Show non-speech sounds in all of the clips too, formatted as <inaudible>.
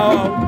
Oh.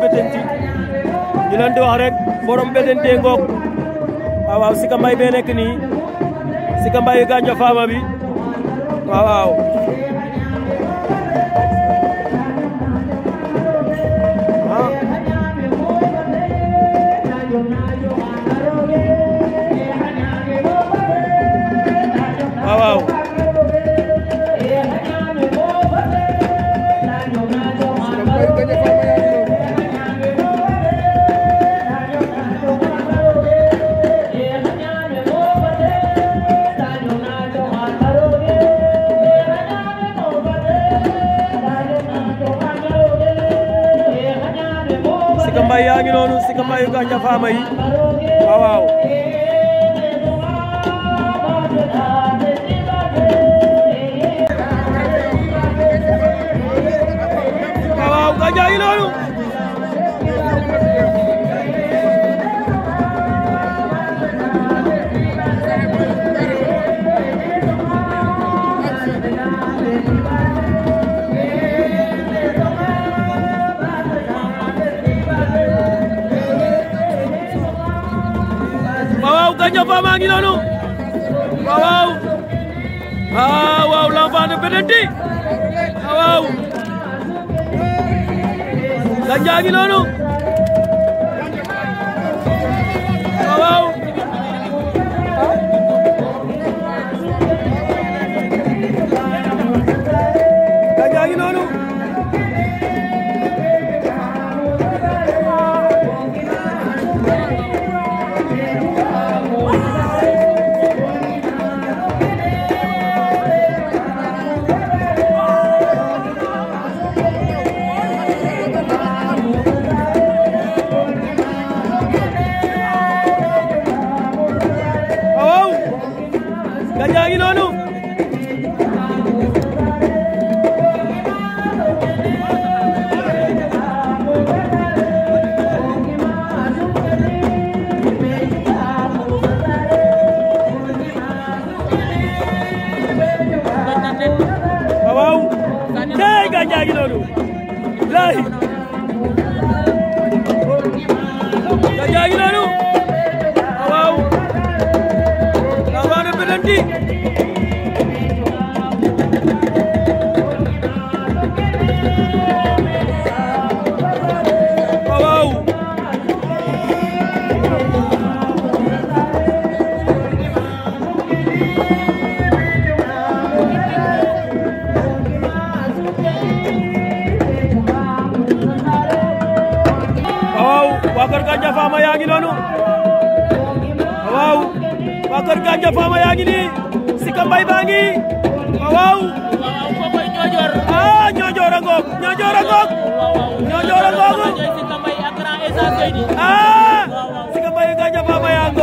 Bettenty ñu leen di wax rek borom Bettenty ngoog waaw nii Sika Mbaye gànja faama bi waaw ganja fama yi waaw Bettenty ah, waaw Gandia ngi noonu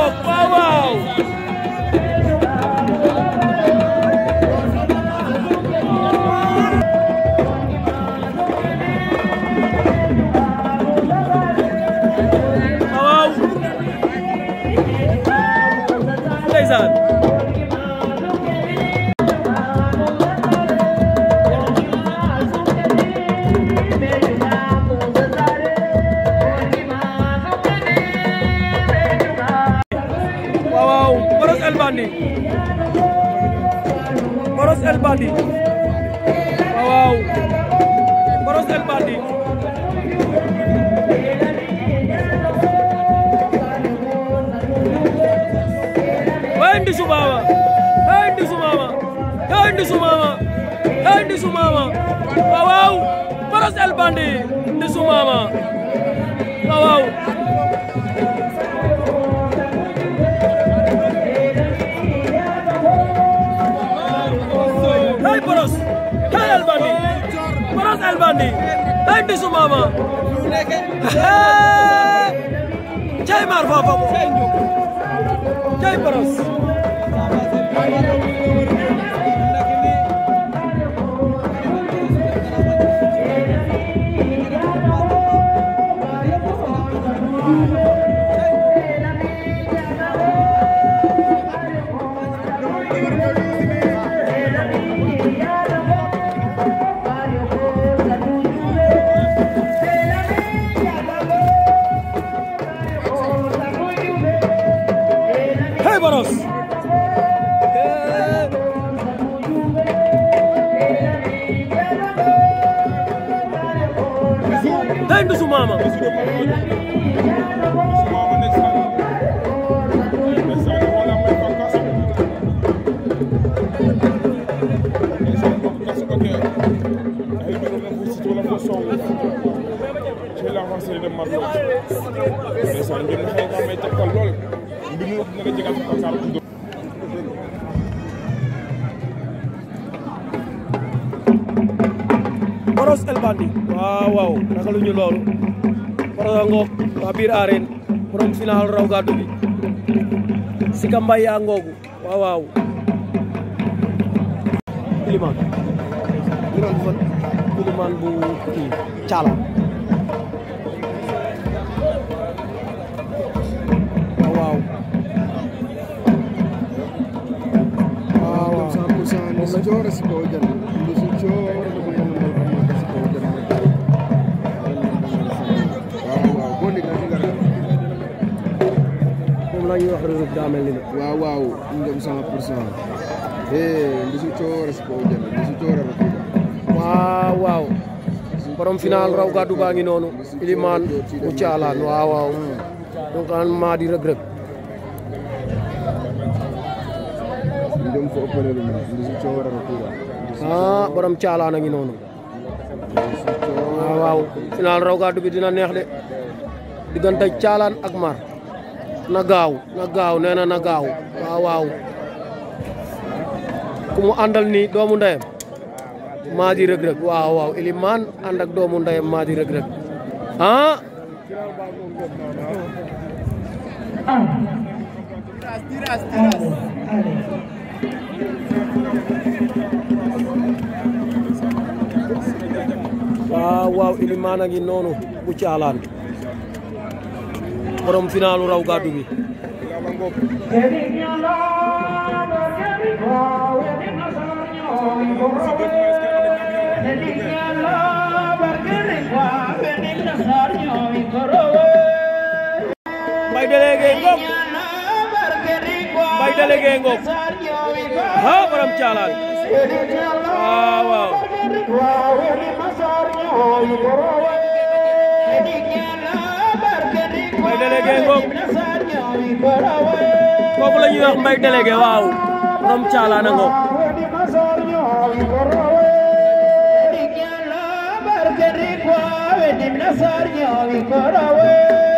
toog waaw waaw ndeysaan Bandit Brosse El Bandit waaw Brosse El Bandit hey Ndisu Mama hey Ndisu Mama hey Ndisu Mama hey Ndisu Mama waaw Brosse El Bandit Ndisu Mama waaw hey El Bandit Brosse El Bandit hey bisu mama cey mar fo fo cey Brosse maama sëñ bi mar lool ndeysaan El Bandit waaw waaw naka lu Rango, kabir bir aren final raw ga dubi wow, ya ngogu iliman iliman bu iliman bu ki cala waaw wax Reug daa mel eh final raw gadu baangi noonu iliman mu caalaan waaw waaw donc an maa di rëg dem lu ah borom caalaan a ngi waaw final raw gadu bi dina neex de diggante caalaan ak mar nagaw nagaw nena nagaw waaw waaw kumu andal ni doomu ndayam maaji Reug Reug waaw waaw iliman ànd ak doomu ndayam maaji Reug Reug ha ah! waaw waaw Elimane a ngi bu borom finalu raw gàddu bi mbay délégué ngok mbay délégué délégué ngoog kooku la ñuy wax Mbaye délégué waaw borom caalaana ngoog Sarnia, Vicarawe.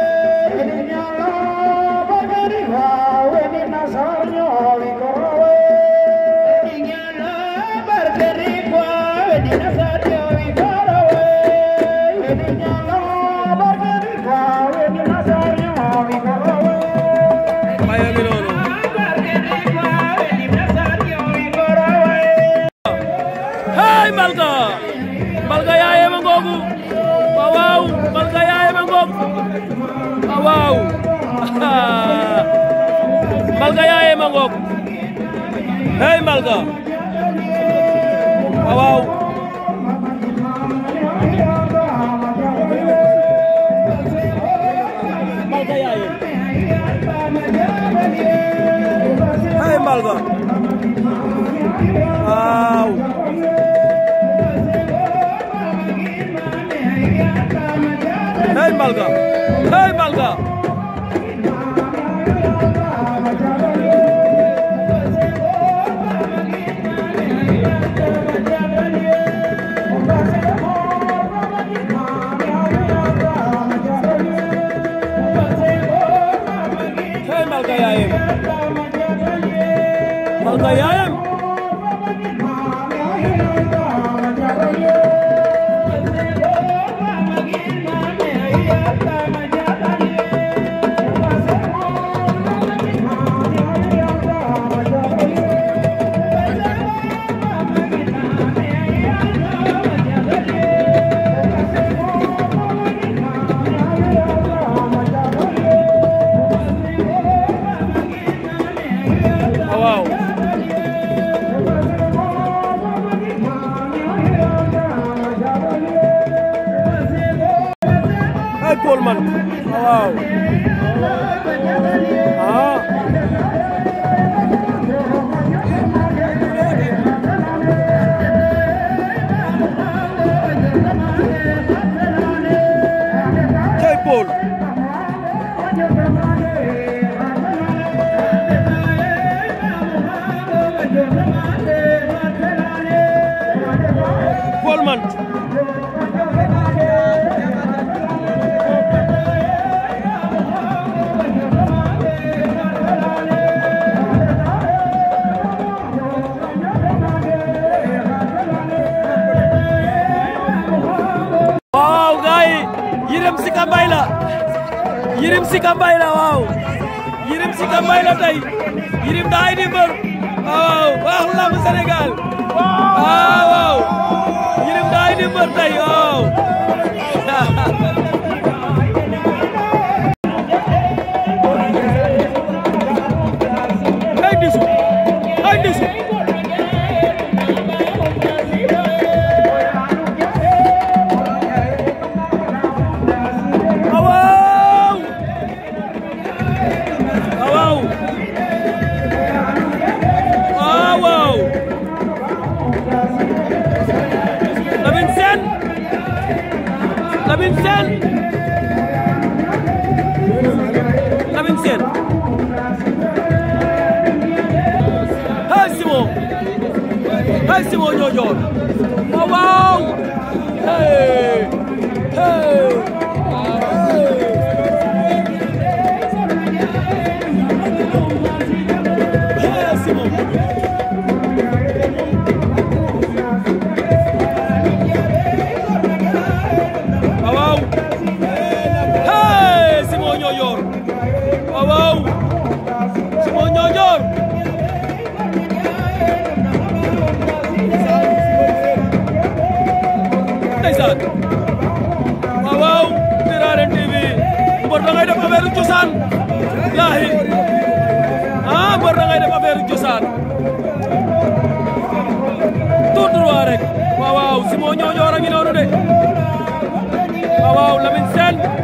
Mbalka Mbalka yaayee ma ngoogu waaw waaw Mbalka yaayee ma ngoogu waaw waaw Mbalka <laughs> yaayee ma ngoogu hey Mbalka waaw waaw Mbalka yaayee hey Mbalka waaw. Hey Malga! Hey Malga! Hey Malga! Eh. Malga! Eh. waaw gaay Yérim Sika Mbaye la Yérim Sika Mbaye la waaw Yérim Sika Mbaye la tey Yérim daa lamb Sénégal waaw waaw Yérim daa indi mbër tey <laughs> waaw Simon Nioro ñoo ngi noonu de waaw waaw Lamine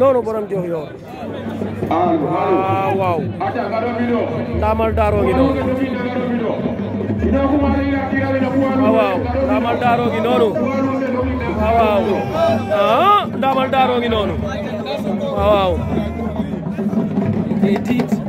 noonu borom jox yoor ah, waaw waaw ndaamal daaroo ngi noonu ah, waaw waaw ndaamal daaroo ngi noonu waaw ah, waaw ah ndaamal daaroo ngi noonu waaw waaw